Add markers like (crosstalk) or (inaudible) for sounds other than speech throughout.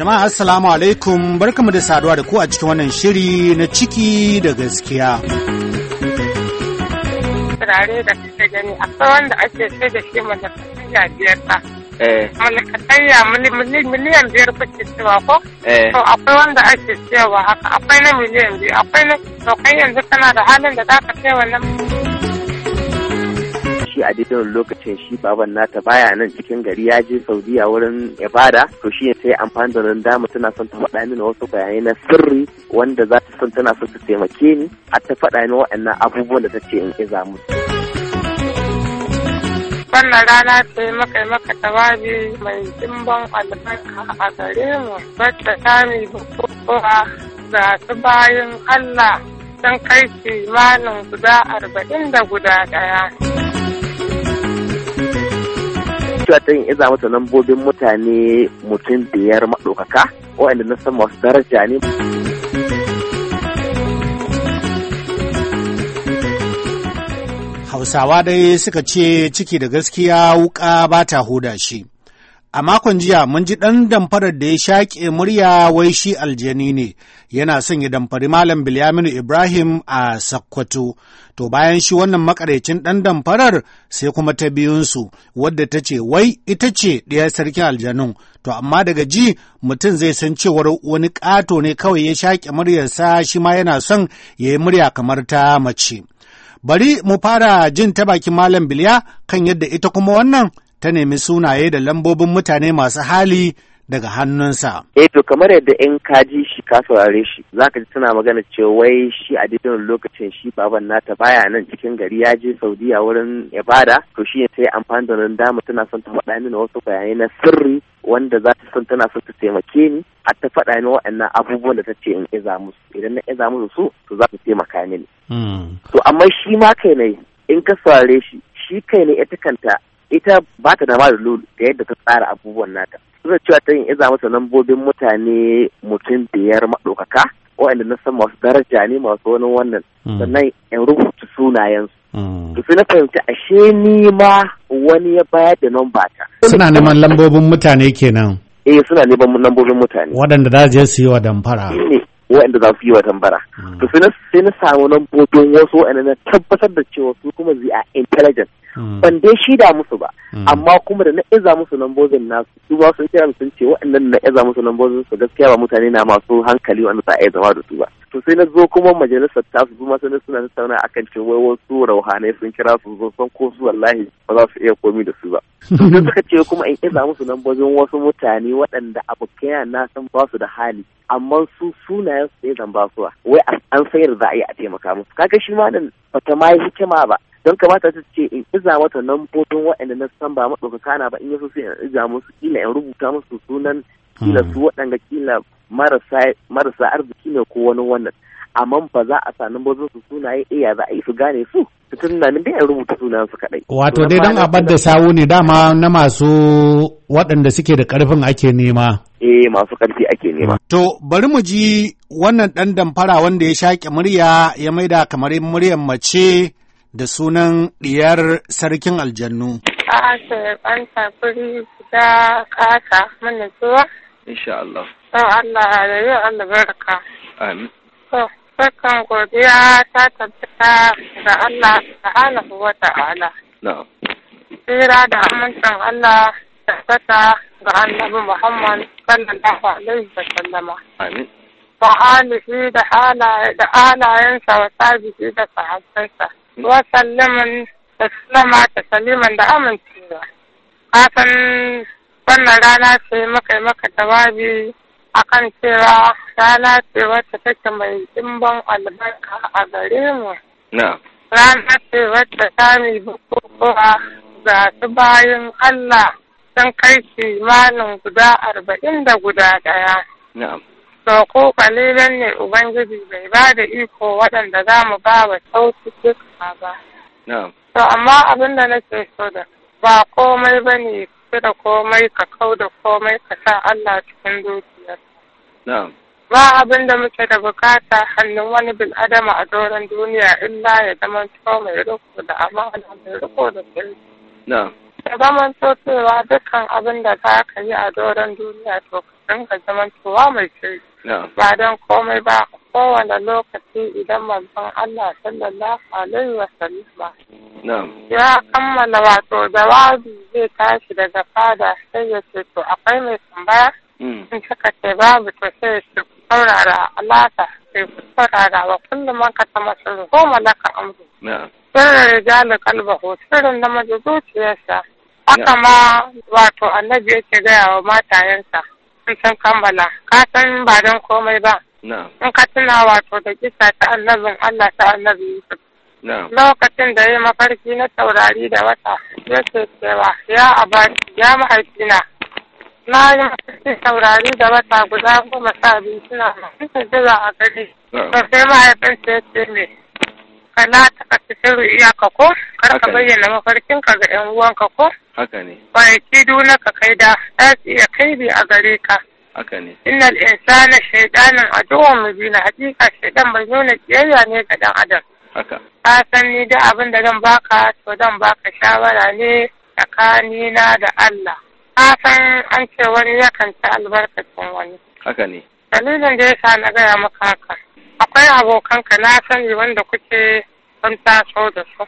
Jama'a Assalamu alaikum barkamu da saduwa da ku a cikin wannan shiri na ciki da gaskiya. Turare da kake gani akwai wanda ake sai da shi malakatayya biyar ta. Eh. Malakatayya miliyan biyar kuke cewa ko? Eh. To akwai wanda ake cewa haka akwai na miliyan biyu akwai na to kai yanzu kana da halin da za ka kai wannan shi a daidai lokacin shi baban nata baya nan cikin gari ya je saudiya wurin ibada to shi ne sai amfani da dama tana son ta faɗa mini wasu bayanai na sirri wanda za ta son tana son ta taimake ni a ta faɗa mini waɗannan abubuwan da ta ce in iza mu. wannan rana ce maka maka tawabi mai dimbon albarka a gare mu wacce ta mi bukukuwa ga su bayan Allah sun kai kimanin guda arba'in da guda ɗaya. cewa ta yin iza masa lambobin mutane mutum biyar maɗaukaka waɗanda na san masu daraja ne. Hausawa dai suka ce ciki da gaskiya wuka ba ta shi. A makon jiya mun ji ɗan damfarar da ya shaƙe murya wai shi aljani ne, yana son ya damfari Malam Bilyaminu Ibrahim a Sakkwato. To bayan shi wannan makarecin ɗan damfarar sai kuma ta biyunsu, wadda ta ce wai ita ce ɗaya sarkin aljanun. To amma daga ji mutum zai san cewar wani ƙato ne kawai ya shaƙe muryarsa shi ma yana son ya yi murya kamar ta mace. Bari mu fara jin ta bakin Malam Bilya kan yadda ita kuma wannan ta nemi sunaye da lambobin mutane masu hali daga hannunsa. Eh to kamar yadda in ka ji shi ka saurare shi zaka ji tana magana cewa wai shi a dukkan lokacin shi baban nata baya nan cikin gari ya je Saudiya wurin ibada to shi sai amfani da nan dama tana son ta faɗa mini wasu bayanai na sirri wanda za ta son tana son ta taimake ni har ta faɗa mini waɗannan abubuwan da ta ce in iza musu idan na iza musu su to za ta taimaka mini. Hmm. To amma shi ma kai ne in ka saurare shi shi kai ne ita kanta ita ba ta da lulu da yadda ta tsara abubuwan nata suna cewa ta yin iza masa lambobin mutane mutum biyar maɗaukaka waɗanda na san masu daraja ne masu wani wannan mm. sannan in rubuta sunayensu mm. to sai na fahimci ashe ni ma wani ya bayar da ba ta suna neman lambobin mutane kenan eh suna neman lambobin mutane waɗanda za je su yi wa damfara waɗanda za su yi wa tambara. Mm. To sai na samu nan bodon wasu waɗanda na tabbatar da cewa su kuma zai a intelligence Hmm. ban dai shida musu ba hmm. amma kuma da na iza musu lambobin nasu su ba sun kira sun ce waɗannan na iza musu lambobin su gaskiya ba mutane na masu hankali wanda za a yi zama da su ba to sai na zo kuma majalisar ta su kuma sai suna tattauna akan ce wai wasu rauhanai sun kira su zo san ko su wallahi ba za su iya komi da su ba (laughs) sai suka ce kuma in iza musu lambobin wasu mutane waɗanda abokaiya na san ba su da hali amma su sunayen su ne zan basuwa wai an sayar za a yi a taimaka musu kaga shi ma nan bata ma yi hikima ba don kamata ta ce in iza mata lambobin waɗanda na san ba maɗaukaka na ba in yaso sai in iza musu kila in rubuta musu sunan kila su hmm. waɗanda kila marasa arziki ne ko wani wannan amma ba za a sanin ba su sunaye iya eh, za a yi su gane su tun na dai in rubuta sunan su kadai wato dai don abar da sawu ne dama na masu waɗanda suke da ƙarfin ake nema eh masu ƙarfi ake nema to bari mu ji wannan ɗan damfara wanda ya shaƙe murya ya maida kamar muryar mace da sunan ɗiyar sarkin aljannu. A'a, an safuri da kasa mana zuwa. Insha Allah. Don Allah da yi albarka. Amin. To, barkan godiya ta tabbata ga Allah subhanahu wa ta'ala. Na'am. Tsira da amincin Allah tabbata ga annabi Muhammad sallallahu alaihi wa sallama. Amin. Wa alihi da halayensa wa sabihi da sahabbansa. wa sallaman ta tasliman da amincewa kasan wannan rana ce maka maka jawabi akan cewa rana ce wacce take mai dimbin albarka a gare mu rana ce wacce ta mi bukukuwa ga su bayan Allah sun kai kimanin guda arba'in da guda ɗaya. roƙo ƙalilan ne Ubangiji bai ba da iko waɗanda za mu ba wa sautuka ba. To amma abin da nake so da ba komai ba ne da komai ka kau da komai ka sa Allah cikin dukiyar. Ba abin da muke da bukata hannun wani bil'adama a doron duniya illa ya zama mai riko da da mai riko da sirri. ka zaman to cewa dukkan abin da za ka yi a doron duniya to ka dinga zaman mai sirri. ba don komai ba kowane lokaci idan manzon Allah sallallahu alaihi wa sallama ya kammala wato jawabi zai tashi daga fada sai ya ce to akwai mai tambaya mm. in suka ce babu to sai su saurara alaka sai su saurara wa kullum man ka tama sirri ko malaka da sirrin rijalin kalbahu sirrin namiji zuciyarsa haka ma wato annabi yake gaya wa matayensa su kammala ka san ba don komai ba in ka tuna wato da kisa ta annabin Allah ta annabi Yusuf lokacin da ya mafarki na taurari da wata ya ce cewa ya abari ya mahaifina na yi mafarki taurari da wata guda goma sha biyu suna mafarkin jira a gari sosai mahaifin ce ce ne. kala ta kasu sirri iyaka ko kar ka bayyana mafarkinka ga yan ko haka ne kwanaki duna ka kai da za su iya kaibi a gare ka haka ne innal insana shaydanan aduwwun na hakika shaydan bai nuna kiyayya ne ga dan adam ka san ni da abin da zan baka to zan baka shawara ne tsakanina da Allah ka san an ce wani yakan ci albarkacin wani dalilin da ya sa na gaya maka haka akwai abokanka na sani wanda kuke ta taso da su.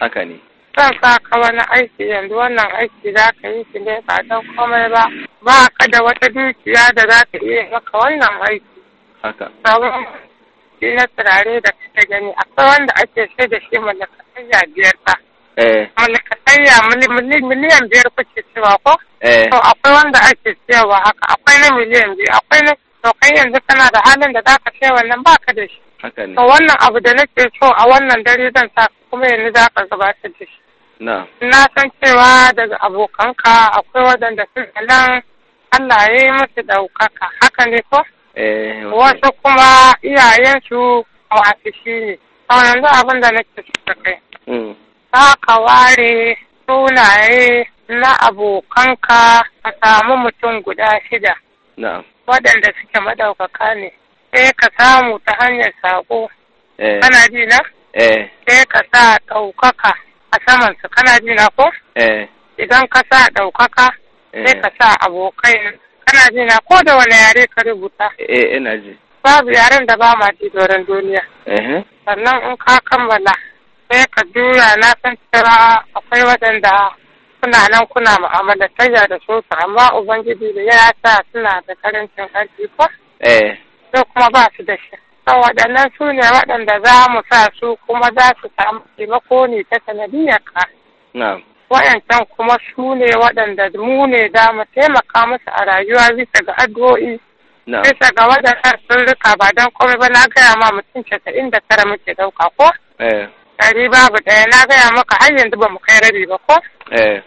Haka ne. Zan sa ka wani aiki yanzu wannan aiki za ka yi shi ne ba don komai ba. Ba ka da wata dukiya da za ka iya maka wannan aiki. Haka. Sabon shi na turare da kake gani akwai wanda ake sai da shi malakatayya biyar ba. Eh. Malakatayya miliyan biyar kuke cewa ko? Eh. To akwai wanda ake cewa haka akwai na miliyan biyu akwai na to kai yanzu kana da halin da zaka ce wannan baka da shi haka to wannan abu da nake so a wannan dare zan sa kuma yanzu zaka gabatar da shi na san cewa daga abokanka akwai waɗanda suna nan Allah ya yi musu ɗaukaka haka ne ko eh, wasu kuma iyayensu a wasu shi ne to yanzu abin da nake so da kai mm. za ka ware sunaye na abokanka a samu mutum guda shida waɗanda suke madaukaka ne sai ka samu ta hanyar saƙo eh. kana ji na eh. sai ka sa ɗaukaka a samansu kana ji na ko eh. idan ka sa ɗaukaka sai ka sa abokai kana ji na ko da wani yare ka rubuta ina ji babu yaren da ba ma ji doron duniya sannan in ka kammala sai ka juya na san cewa akwai waɗanda kuna nan kuna mu'amala taya da su amma ubangiji da ya sa suna da karancin karfi ko eh sai kuma ba su da shi waɗannan su ne waɗanda za mu sa su kuma za su samu taimako ne ta sanadiyar ka waɗancan kuma su ne waɗanda mu ne za mu taimaka musu a rayuwa bisa ga addu'o'i bisa ga waɗannan sun rika ba don komai ba na gaya ma mutum casa'in da tara muke ɗauka ko eh. ɗari babu ɗaya na gaya maka har yanzu ba mu kai rabi ba ko? Eh.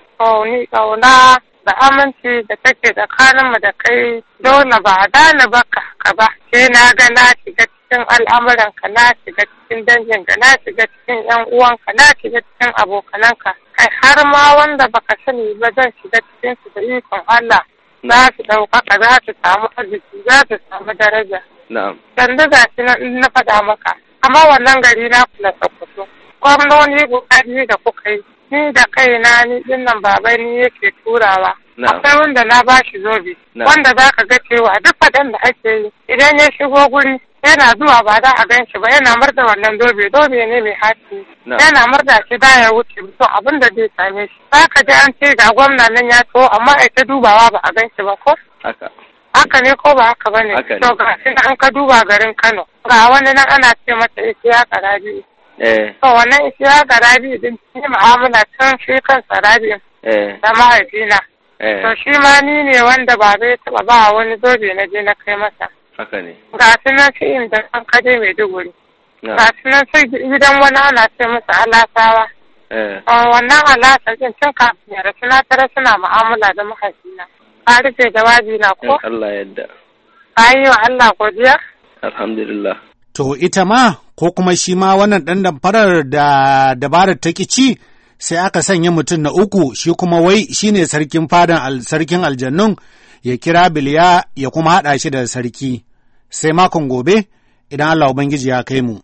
ni ƙauna da aminci da take tsakaninmu da kai dole ba a dana ba ka ba Ke na ga na shiga cikin ka, na shiga cikin dangin ka, na shiga cikin uwan ka, na shiga cikin abokananka kai har ma wanda baka sani ba zan shiga cikin su da ikon Allah za su ɗaukaka za su samu arziki za su samu daraja. Na'am. Sandu ga shi na faɗa maka amma wannan gari na kula Sokoto. gwamnoni kokari da kuka yi ni da kai na ni din nan babai ni yake turawa akwai wanda na bashi zobe wanda za ka ga cewa duk faɗan da ake yi idan ya shigo guri yana zuwa ba za a gan shi ba yana murda wannan dobe dobe ne mai hati yana murda shi da ya wuce to abin da zai same shi za ka ji an ce ga gwamna nan ya tso amma a ta dubawa ba a gan shi ba ko haka ne ko ba haka bane to ga shi an ka duba garin Kano ga wani nan ana ce mata isiya biyu. Eh. To wannan ishiya ga rabi din ni mu'amala tun shi kansa eh da mahaifina. Eh. To shi ma ni ne wanda ba zai taba ba wani zobe na je na kai masa. Haka ne. Ga su nan shi inda an kaje mai duguri. Ga su nan sai gidan wani ana ce masa alasawa. Eh. Wannan alasa din tun kafin ya rasu na tara suna mu'amala da mahaifina. Ka rufe jawabi na ko? Allah yadda. Ka yi wa Allah godiya? Alhamdulillah. to ita ma ko kuma shi ma wannan ɗan damfarar da dabarar ta ci sai aka sanya mutum na uku shi kuma wai shi ne sarkin fadan sarkin aljannun ya kira biliya ya kuma haɗa shi da sarki sai makon gobe idan Allah Ubangiji ya kai mu.